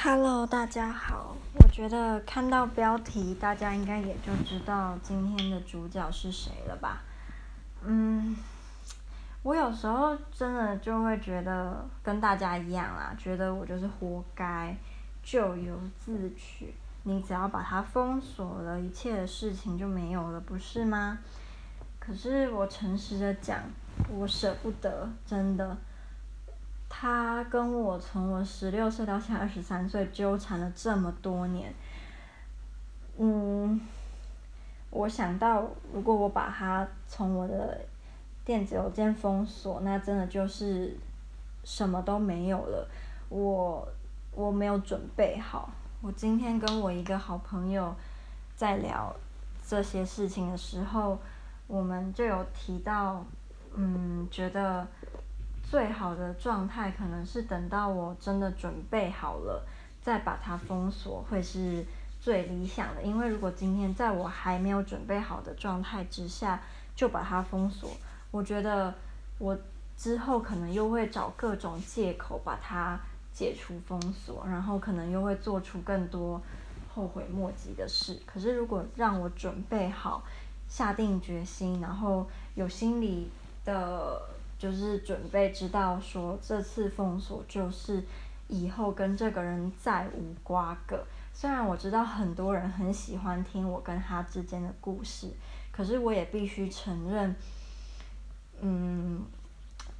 Hello，大家好。我覺得看到標題，大家應該也就知道今天的主角是誰了吧？嗯，我有時候真的就會覺得跟大家一樣啦，覺得我就是活該，咎由自取。你只要把它封鎖了，一切的事情就沒有了，不是嗎？可是我誠實的講，我捨不得，真的。他跟我從我十六歲到現在二十三歲糾纏了這麼多年，嗯，我想到，如果我把他從我的電子郵件封鎖，那真的就是什麼都沒有了。我我沒有準備好。我今天跟我一個好朋友在聊這些事情的時候，我們就有提到，嗯，覺得。最好的狀態可能是等到我真的準備好了再把它封鎖，會是最理想的。因為如果今天在我還沒有準備好的狀態之下就把它封鎖，我覺得我之後可能又會找各種借口把它解除封鎖，然後可能又會做出更多後悔莫及的事。可是如果讓我準備好，下定決心，然後有心理的。就是準備知道說，這次封鎖就是以後跟這個人再無瓜葛。雖然我知道很多人很喜歡聽我跟他之間的故事，可是我也必須承認，嗯，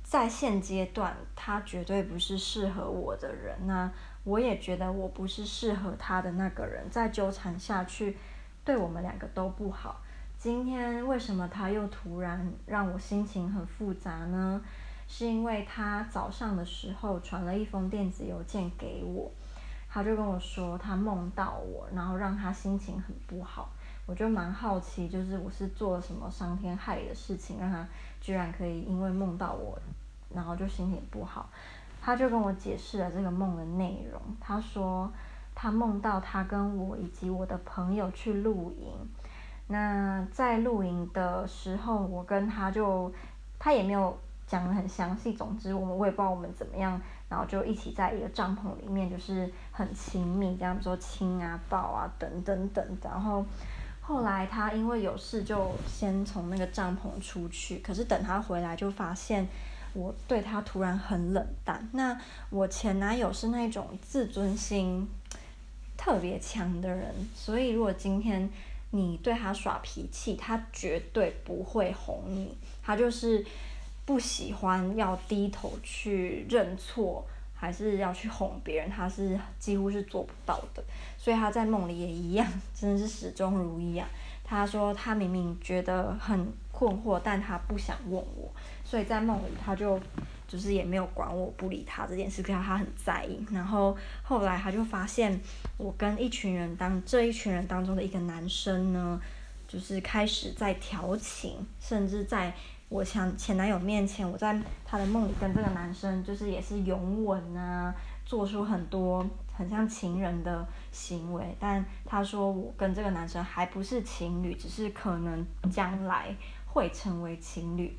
在現階段他絕對不是適合我的人吶，我也覺得我不是適合他的那個人，再糾纏下去，對我們兩個都不好。今天為什麼他又突然讓我心情很複雜呢？是因為他早上的時候傳了一封電子郵件給我，他就跟我說他夢到我，然後讓他心情很不好。我就蠻好奇，就是我是做了什麼傷天害理的事情，讓他居然可以因為夢到我，然後就心情不好。他就跟我解釋了這個夢的內容，他說他夢到他跟我以及我的朋友去露營。那在露營的時候，我跟他就，他也沒有講得很詳細。總之，我們我也不知道我們怎麼樣，然後就一起在一個帳篷裡面，就是很親密，這樣子說親啊、抱啊等等等。然後後來他因為有事就先從那個帳篷出去，可是等他回來就發現我對他突然很冷淡。那我前男友是那種自尊心特別強的人，所以如果今天。你對他耍脾氣，他絕對不會哄你，他就是不喜歡要低頭去認錯，還是要去哄別人，他是幾乎是做不到的。所以他在夢裡也一樣，真的是始終如一啊。他說他明明覺得很困惑，但他不想問我，所以在夢裡他就。就是也沒有管我不理他這件事情，他很在意。然後後來他就發現我跟一群人當這一群人當中的一個男生呢，就是開始在調情，甚至在我前前男友面前，我在他的夢裡跟這個男生就是也是擁吻啊，做出很多很像情人的行為。但他說我跟這個男生還不是情侶，只是可能將來會成為情侶。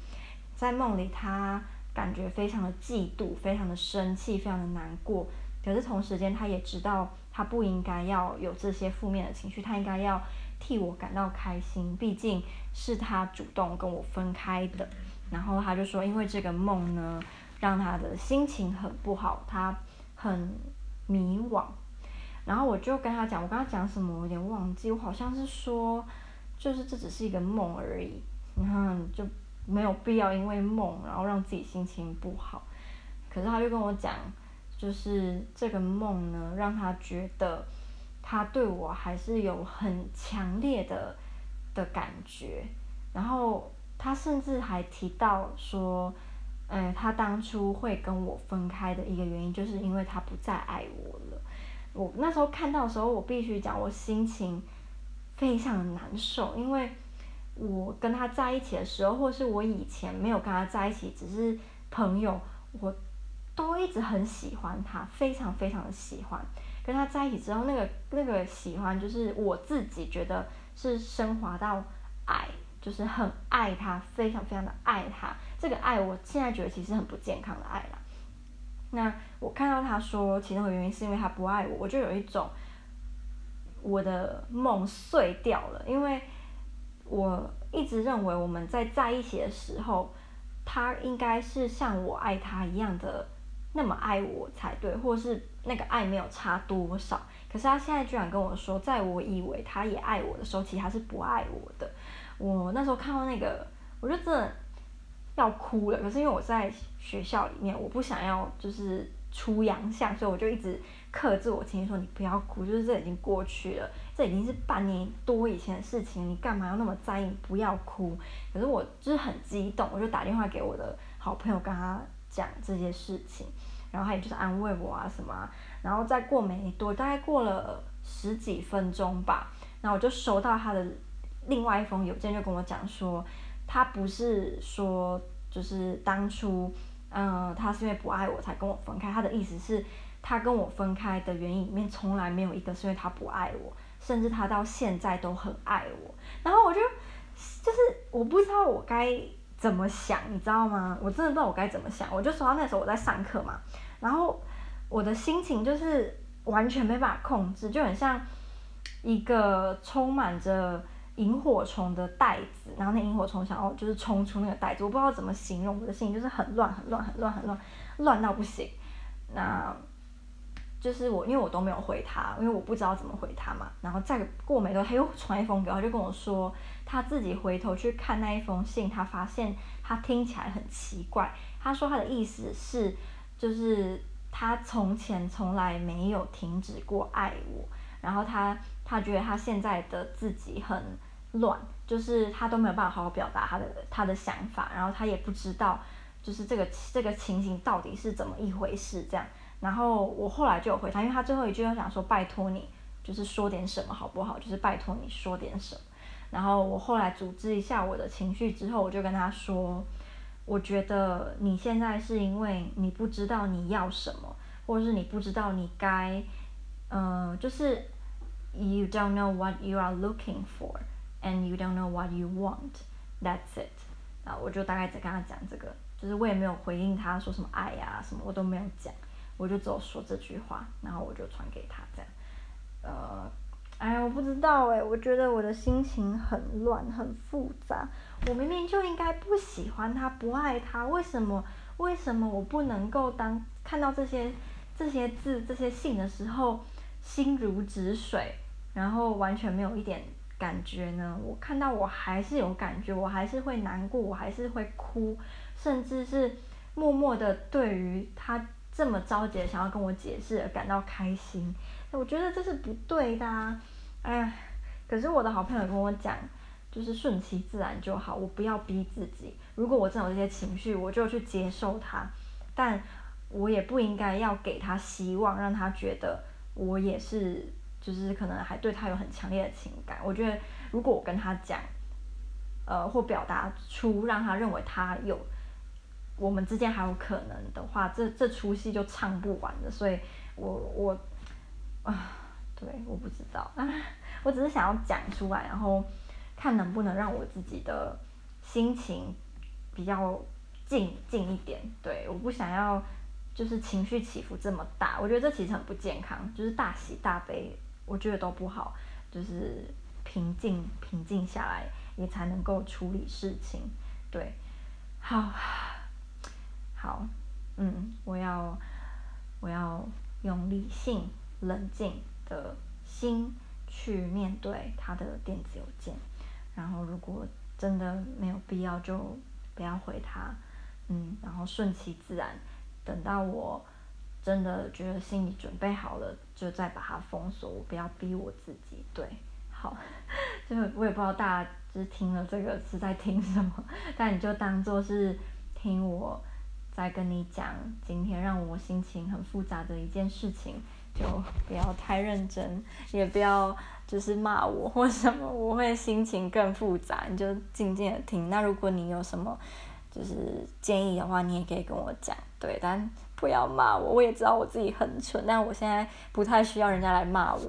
在夢裡他。感覺非常的嫉妒，非常的生氣，非常的難過。可是同時間，他也知道他不應該要有這些負面的情緒，他應該要替我感到開心。畢竟是他主動跟我分開的。然後他就說，因為這個夢呢，讓他的心情很不好，他很迷惘。然後我就跟他講，我剛剛講什麼，我有點忘記，我好像是說，就是這只是一個夢而已，然後就。沒有必要因為夢，然後讓自己心情不好，可是他又跟我講，就是這個夢呢，讓他覺得他對我還是有很強烈的的感覺，然後他甚至還提到說，哎，他當初會跟我分開的一個原因，就是因為他不再愛我了。我那時候看到的時候，我必須講，我心情非常的難受，因為。我跟他在一起的時候，或是我以前沒有跟他在一起，只是朋友，我都一直很喜歡他，非常非常的喜歡。跟他在一起之後，那個那個喜歡就是我自己覺得是升華到愛，就是很愛他，非常非常的愛他。這個愛我現在覺得其實很不健康的愛了。那我看到他說其中的原因是因為他不愛我，我就有一種我的夢碎掉了，因為。我一直認為我們在在一起的時候，他應該是像我愛他一樣的那麼愛我才對，或是那個愛沒有差多少。可是他現在居然跟我說，在我以為他也愛我的時候，其實他是不愛我的。我那時候看到那個，我就真的要哭了。可是因為我在學校裡面，我不想要就是出洋相，所以我就一直。克制我情緒，說你不要哭，就是這已經過去了，這已經是半年多以前的事情，你幹嘛要那麼在意？不要哭。可是我就是很激動，我就打電話給我的好朋友，跟他講這些事情，然後他也就是安慰我啊什麼，然後再過沒多，大概過了十幾分鐘吧，然後我就收到他的另外一封郵件，就跟我講說，他不是說就是當初，嗯、呃，他是因為不愛我才跟我分開，他的意思是。他跟我分開的原因裡面從來沒有一個是因為他不愛我，甚至他到現在都很愛我。然後我就就是我不知道我該怎麼想，你知道嗎？我真的不知道我該怎麼想。我就說那時候我在上課嘛，然後我的心情就是完全沒辦法控制，就很像一個充滿着螢火蟲的袋子，然後那螢火蟲想要就是衝出那個袋子，我不知道怎麼形容，我的心情就是很亂、很亂、很亂、很亂，亂到不行。那。就是我，因為我都沒有回他，因為我不知道怎麼回他嘛。然後再過沒多久，他又傳一封給我，他就跟我說他自己回頭去看那一封信，他發現他聽起來很奇怪。他說他的意思是，就是他從前從來沒有停止過愛我。然後他他覺得他現在的自己很亂，就是他都沒有辦法好好表達他的他的想法。然後他也不知道，就是這個這個情形到底是怎麼一回事這樣。然後我後來就有回他，因為他最後一句又想說拜托你，就是說點什麼好不好？就是拜托你說點什麼。然後我後來組織一下我的情緒之後，我就跟他說，我覺得你現在是因為你不知道你要什麼，或者是你不知道你該，呃，就是 you don't know what you are looking for and you don't know what you want. That's it. 然後我就大概在跟他講這個，就是我也沒有回應他說什麼愛呀、啊、什麼，我都沒有講。我就只有說這句話，然後我就傳給他這樣，呃，哎呀，我不知道哎、欸，我覺得我的心情很亂很複雜，我明明就應該不喜歡他不愛他，為什麼為什麼我不能夠當看到這些這些字這些信的時候心如止水，然後完全沒有一點感覺呢？我看到我還是有感覺，我還是會難過，我還是會哭，甚至是默默的對於他，這麼着急的想要跟我解釋而感到開心，我覺得這是不對的啊。哎，可是我的好朋友跟我講，就是順其自然就好，我不要逼自己。如果我真有這些情緒，我就去接受它，但我也不應該要給他希望，讓他覺得我也是，就是可能還對他有很強烈的情感。我覺得如果我跟他講，呃，或表達出讓他認為他有。我們之間還有可能的話，這這出戲就唱不完了。所以我，我我啊，對，我不知道，啊，我只是想要講出來，然後看能不能讓我自己的心情比較靜靜一點。對，我不想要就是情緒起伏這麼大，我覺得這其實很不健康，就是大喜大悲，我覺得都不好，就是平靜平靜下來，也才能夠處理事情。對，好。好，嗯，我要我要用理性冷靜的心去面對他的電子郵件，然後如果真的沒有必要就不要回他，嗯，然後順其自然，等到我真的覺得心理準備好了，就再把它封鎖。我不要逼我自己，對，好，就是我也不知道大家是聽了這個是在聽什麼，但你就當做是聽我，來跟你講，今天讓我心情很複雜的一件事情，就不要太認真，也不要就是罵我或什麼，我會心情更複雜。你就靜靜的聽。那如果你有什麼就是建議的話，你也可以跟我講，對，但不要罵我。我也知道我自己很蠢，但我現在不太需要人家來罵我。